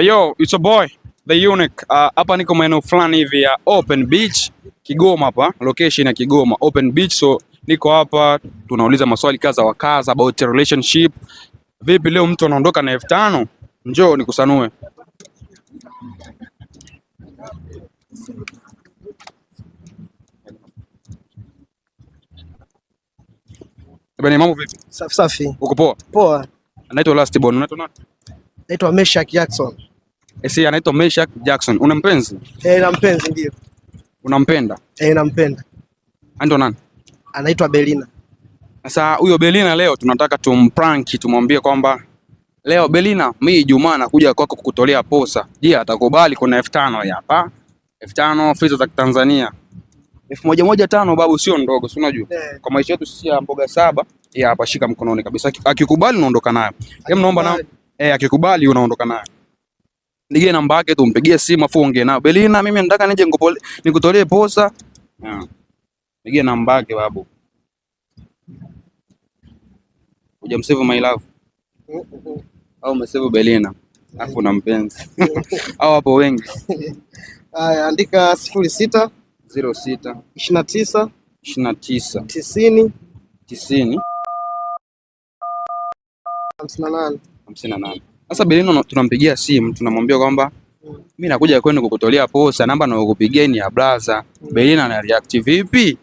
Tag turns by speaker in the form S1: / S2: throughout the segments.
S1: Hey yo, it's a boy the Unique. Ah, hapa niko maeneo fulani hivi ya Open Beach Kigoma, hapa location ya Kigoma Open Beach. So niko hapa, tunauliza maswali kaza wa kaza about relationship. Vipi leo mtu anaondoka na elfu tano? Njoo nikusanue. Bani mambo vipi?
S2: Safi safi. Uko poa? Poa.
S1: Anaitwa Last Born. Unaitwa nani?
S2: Naitwa Meshack Jackson.
S1: Esi anaitwa Meshack Jackson. Una mpenzi?
S2: Eh, na mpenzi ndio. Unampenda? Eh, nampenda. Ando nani? Anaitwa Belina.
S1: Sasa huyo Belina leo tunataka tumprank, tumwambie kwamba leo Belina, mimi Ijumaa nakuja kwako kukutolea posa. Je, atakubali? Kuna elfu tano hapa, elfu tano fedha za Tanzania elfu moja moja tano babu, sio ndogo, si unajua yeah. Kwa maisha yetu sisi ya mboga saba hapa, shika mkononi kabisa. Akikubali unaondoka nayo, naomba na eh, akikubali unaondoka nayo. Nigie namba yake tu, mpigie simu afu ongee nao. Belina, mimi nataka nije nikutolee posa. Nigie namba yake babu. Uja msevu my love. Au msevu Belina. Afu na mpenzi. Au hapo wengi.
S2: Haya, andika 06
S1: 06
S2: 29
S1: 29
S2: 90 90 58
S1: 58. Sasa Belino tunampigia simu tunamwambia kwamba mimi nakuja kwenu kukutolea posa, namba nakupigia ni ya brother. Belino ana react vipi?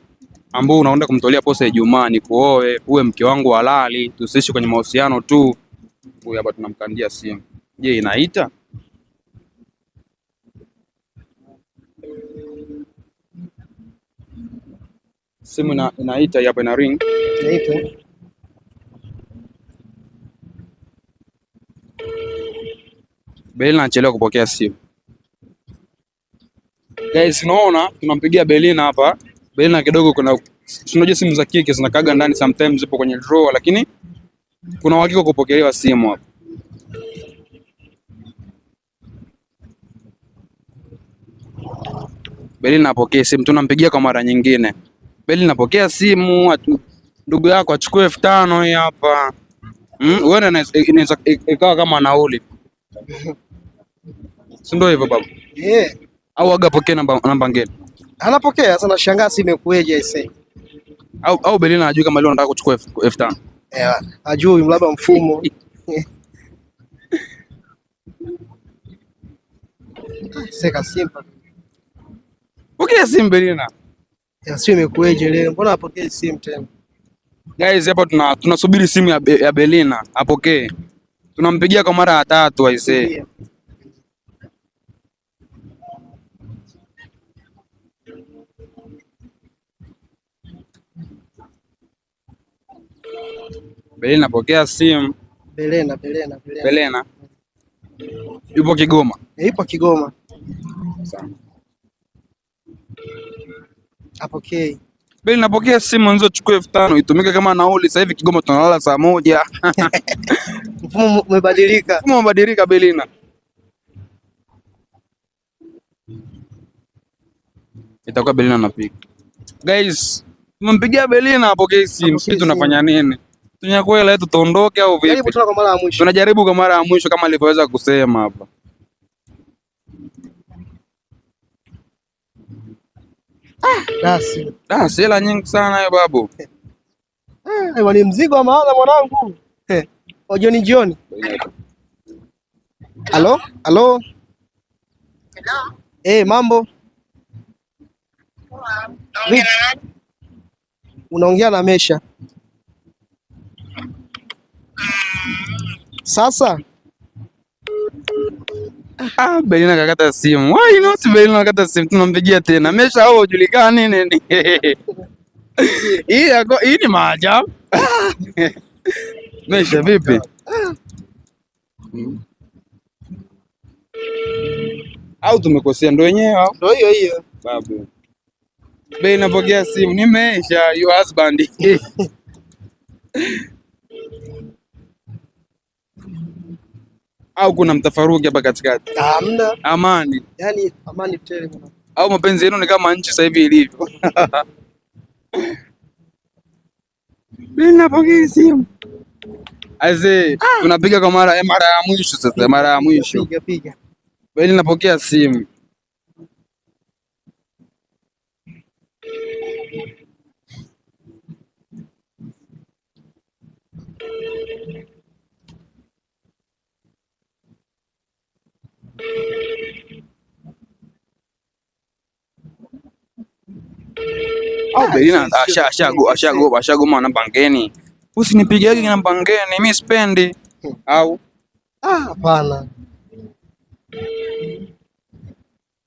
S1: Ambao unaenda kumtolea posa Ijumaa ni kuoe, uwe mke wangu halali, tusiishi kwenye mahusiano tu. Huyu hapa tunamkandia simu. Je, inaita? Simu ina, inaita hapa ina ring. Inaita. Belina anachelewa kupokea simu. Guys, unaona tunampigia Belina hapa. Belina kidogo kuna unajua simu za kike zinakaga ndani sometimes zipo kwenye draw lakini kuna uhakika kupokelewa simu hapa. Berlin napokea simu, tunampigia kwa mara nyingine. Berlin napokea simu atu, ndugu yako achukue elfu tano hii hapa. Mm, wewe inaweza ikawa kama nauli si ndio hivyo baba? Yeah. Au aga pokea namba, namba ngeni
S2: anapokea sasa. Nashangaa si imekueje ise.
S1: Au, au Belina anajui kama leo anataka kuchukua elfu tano
S2: eh? Ajui mlaba mfumo ah, seka simpa
S1: pokea simu Belina,
S2: si imekueje leo, mbona apokee simu tena?
S1: Guys, hapa tuna tunasubiri simu ya, be, ya Belina apokee, tunampigia kwa mara ya tatu aisee. Belena napokea simu.
S2: Belena, Belena, Belena.
S1: Belena. Yupo Kigoma.
S2: E, yupo Kigoma. Sawa. Apokei.
S1: Beli, napokea simu nzo, chukue elfu tano itumike kama nauli. Sasa hivi Kigoma tunalala saa moja.
S2: Mfumo umebadilika.
S1: Mfumo umebadilika Belina. Itakuwa Belina anapiga. Guys, tumempigia Belina, apokee simu. Sisi tunafanya nini? tunyakuwe letu tuondoke au vipi?
S2: Jaribu tena kwa mara ya mwisho.
S1: Tunajaribu kwa mara ya mwisho kama alivyoweza kusema hapa.
S2: Ah, dasi
S1: ah, hela nyingi sana hiyo babu.
S2: Eh, ni mzigo wa maana mwanangu. Eh, Ojoni jioni. Halo? Halo? Hello. Eh, mambo? Unaongea na Mesha. Sasa
S1: ah, Belina kakata simu. Why not? Belina kakata simu, tunampigia tena mesha hao ujulikani nini? Hii yako hii ni maja Mesha vipi? Au tumekosea ndo wenyewe
S2: Ndio hiyo hiyo.
S1: Babu. Belina napokea simu, ni Mesha your husband. au kuna mtafaruki hapa katikati? Ah, hamna. Amani.
S2: Yaani amani tele.
S1: Au mapenzi yenu ni kama nchi sasa hivi ilivyo.
S2: Mimi napokea simu.
S1: Aze, ah. Tunapiga kwa mara mara ya mwisho sasa, mara ya mwisho. Piga piga. Wewe napokea simu. Oh, Au Belina ashagopa ashagoma na Mbangeni. Usinipige haki na Mbangeni, mimi sipendi. Hmm. Au
S2: ah, hapana.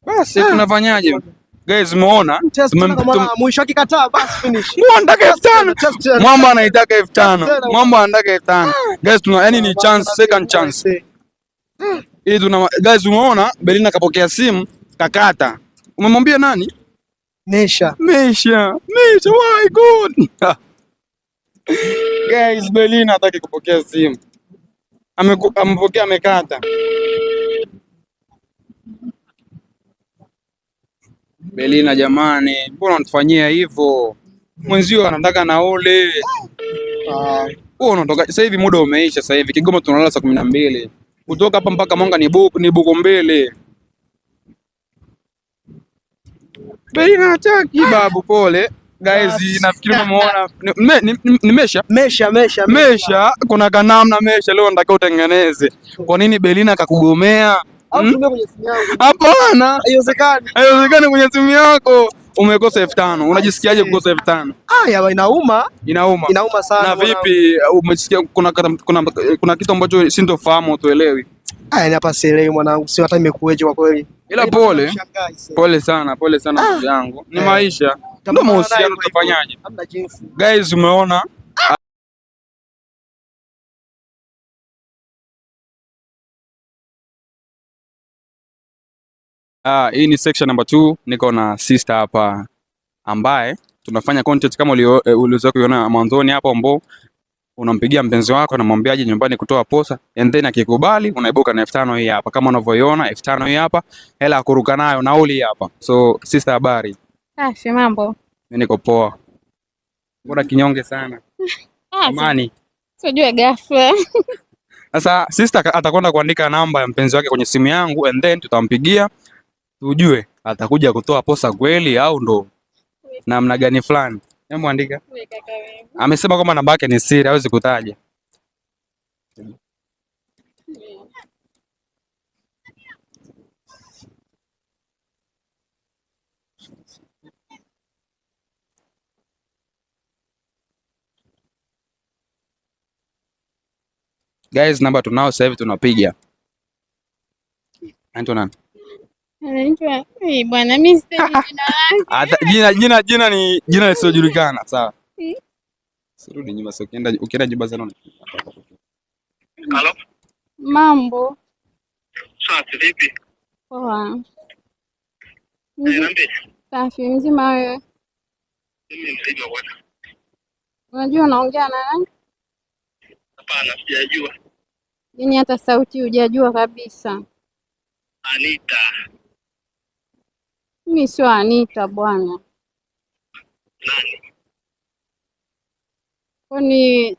S1: Basi ah. tunafanyaje? Guys, muona
S2: mwisho akikataa basi finish.
S1: Muona elfu tano. Mwamba anaitaka elfu tano. Mwamba anataka elfu tano. Ah. Guys, tuna yani ni chance, second chance. Hmm. Hii tuna guys, umeona Belina kapokea simu kakata. Umemwambia nani? Nesha. Nesha. Nesha. why good? Guys, Belina hataki kupokea simu. Amepokea amekata. Belina jamani, mbona unatufanyia hivyo? Mwenzio anataka naole. Wewe unatoka sasa hivi, muda umeisha sasa hivi. Kigoma tunalala saa kumi na mbili kutoka hapa mpaka Mwanga ni buku ni buku mbili. Beina chaki babu, pole guys, ah, nafikiri umeona nimesha
S2: mesha mesha
S1: mesha, kuna kanamna mesha. Leo nataka utengeneze kwa nini Belina kakugomea? Hmm? Hapana,
S2: haiwezekani,
S1: haiwezekani kwenye simu yako umekosa elfu tano. Unajisikiaje kukosa elfu tano?
S2: Ah, inauma, inauma, inauma sana.
S1: Na vipi, umesikia kuna, kuna, kuna kitu ambacho sintofahamu, tuelewi?
S2: Ah, hapa sielewi mwanangu, si hata nimekuweje kwa kweli
S1: ila yaani pole pole sana, pole sana ndugu ah, yangu ni eh, maisha ndio mahusiano, tutafanyaje Guys, umeona ah, hii ni section number 2 niko na sister hapa ambaye tunafanya content kama uliozoea eh, kuiona mwanzoni hapo, mbo unampigia mpenzi wako unamwambia aje nyumbani kutoa posa, and then akikubali unaibuka na elfu tano hii hapa, kama unavyoiona elfu tano hii hapa, hela ya kuruka nayo, nauli hapa. So sister, habari?
S3: Ah, si mambo.
S1: Mimi niko poa. Mbona kinyonge sana? Amani. Ah,
S3: Sijue ghafla.
S1: Sasa sister atakwenda kuandika namba ya mpenzi wake kwenye simu yangu and then tutampigia tujue atakuja kutoa posa kweli au ndo namna gani fulani. Hebu andika. Amesema kwamba namba yake ni siri, hawezi kutaja. Guys, namba tunao sasa hivi tunapiga. Antonani.
S3: Anaitwa bwana, mimi jina
S1: lake. Jina jina jina ni jina lisilojulikana, sawa. Hmm? Sirudi nyuma sasa, ukienda ukienda jumba
S4: Halo.
S3: Mambo.
S4: Safi vipi?
S3: Poa. Safi mzima wewe?
S4: Mimi mzima bwana.
S3: Unajua unaongea na nani?
S4: Hapana, sijajua.
S3: Yaani hata sauti hujajua kabisa. Anita. Mimi sio Anita bwana. Kwani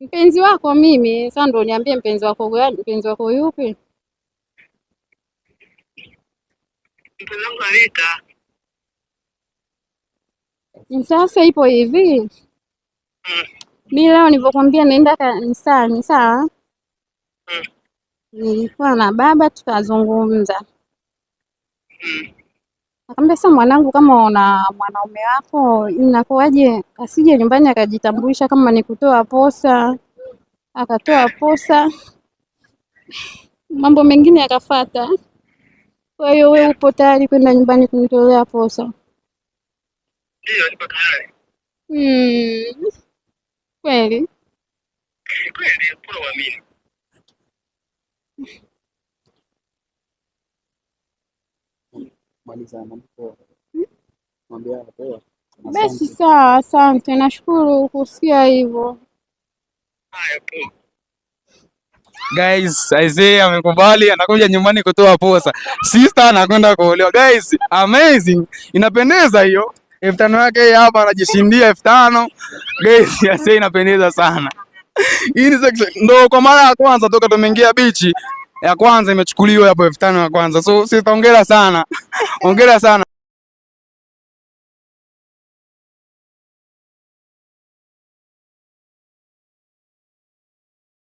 S3: mpenzi wako mimi? Sasa ndo niambie, mpenzi wako gani? Mpenzi wako yupi?
S4: Mpenzi wangu Anita.
S3: Sasa ipo hivi mm. Mi leo nilipokuambia naenda kanisani sawa mm. Nilikuwa na baba tukazungumza mm. Akamwambia sasa, mwanangu, kama una mwanaume wako inakuwaje asije nyumbani akajitambulisha kama ni kutoa posa? Akatoa posa, mambo mengine yakafata. Kwa hiyo wewe upo tayari kwenda nyumbani kunitolea posa?
S4: Ndio, nipo tayari.
S3: Mm. Kweli
S4: kweli, unaamini?
S3: Basi sawa, asante, nashukuru kusikia hivyo.
S1: Guys, Isaiah amekubali anakuja nyumbani kutoa posa. Sister anakwenda kuolewa. Guys, amazing. Inapendeza hiyo. Elfu tano yake hapa anajishindia elfu tano. Guys, Isaiah inapendeza sana. Hii ndio kwa mara ya kwanza toka tumeingia bichi ya kwanza imechukuliwa hapo elfu tano ya kwanza. So sitaongera sana ongera sana.